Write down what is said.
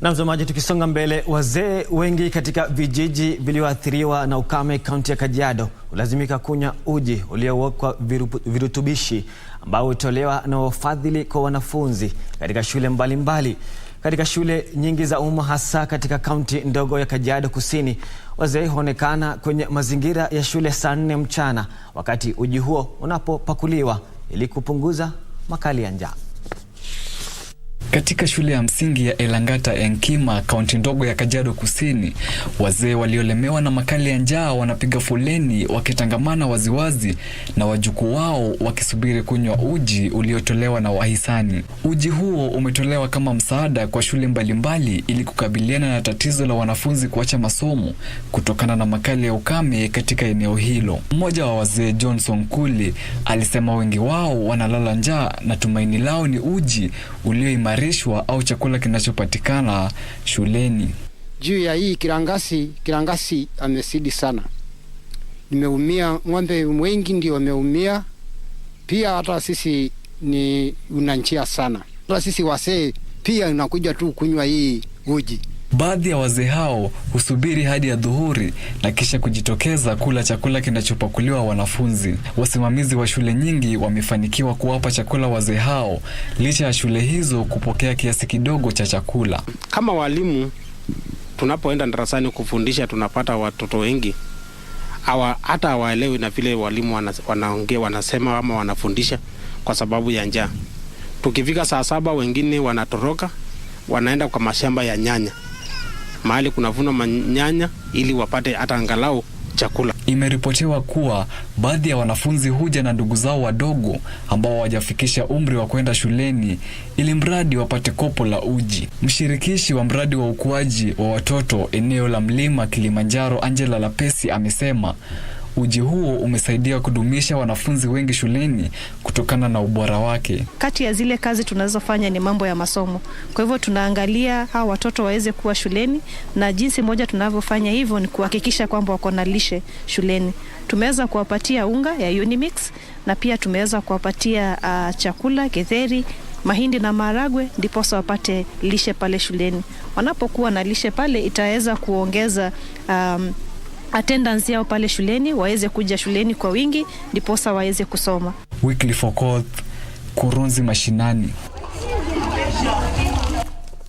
Na mtazamaji, tukisonga mbele, wazee wengi katika vijiji vilivyoathiriwa na ukame kaunti ya Kajiado hulazimika kunywa uji uliowekwa virutubishi ambao hutolewa na wafadhili kwa wanafunzi katika shule mbalimbali mbali. Katika shule nyingi za umma hasa katika kaunti ndogo ya Kajiado Kusini, wazee huonekana kwenye mazingira ya shule saa nne mchana wakati uji huo unapopakuliwa ili kupunguza makali ya njaa. Katika shule ya msingi ya Elangata Enkima, kaunti ndogo ya Kajiado Kusini, wazee waliolemewa na makali ya njaa wanapiga foleni wakitangamana waziwazi na wajukuu wao wakisubiri kunywa uji uliotolewa na wahisani. Uji huo umetolewa kama msaada kwa shule mbalimbali ili kukabiliana na tatizo la wanafunzi kuacha masomo kutokana na makali ya ukame katika eneo hilo. Mmoja wa wazee Johnson Kuli alisema wengi wao wanalala njaa na tumaini lao ni uji ulioimarika kilichotayarishwa au chakula kinachopatikana shuleni. Juu ya hii kirangasi, kirangasi amesidi sana, nimeumia. Ng'ombe wengi ndio wameumia, pia hata sisi ni unanjia sana, hata sisi wasee pia inakuja tu kunywa hii uji. Baadhi ya wazee hao husubiri hadi ya dhuhuri na kisha kujitokeza kula chakula kinachopakuliwa wanafunzi. Wasimamizi wa shule nyingi wamefanikiwa kuwapa chakula wazee hao licha ya shule hizo kupokea kiasi kidogo cha chakula. Kama walimu, tunapoenda darasani kufundisha, tunapata watoto wengi awa, hata hawaelewi na vile walimu wanaongea, wanasema ama wanafundisha kwa sababu ya njaa. Tukifika saa saba, wengine wanatoroka wanaenda kwa mashamba ya nyanya mahali kunavunwa manyanya ili wapate hata angalau chakula. Imeripotiwa kuwa baadhi ya wanafunzi huja na ndugu zao wadogo ambao hawajafikisha umri wa kwenda shuleni ili mradi wapate kopo la uji. Mshirikishi wa mradi wa ukuaji wa watoto eneo la mlima Kilimanjaro, Angela Lapesi, amesema Uji huo umesaidia kudumisha wanafunzi wengi shuleni kutokana na ubora wake. Kati ya zile kazi tunazofanya ni mambo ya masomo, kwa hivyo tunaangalia hawa watoto waweze kuwa shuleni, na jinsi moja tunavyofanya hivyo ni kuhakikisha kwamba wako na lishe shuleni. Tumeweza kuwapatia unga ya Unimix na pia tumeweza kuwapatia uh, chakula getheri mahindi na maharagwe, ndiposa wapate lishe pale shuleni. Wanapokuwa na lishe pale itaweza kuongeza um, attendance yao pale shuleni, waweze kuja shuleni kwa wingi, ndiposa waweze kusoma. Wycliffe Okoth, Kurunzi Mashinani.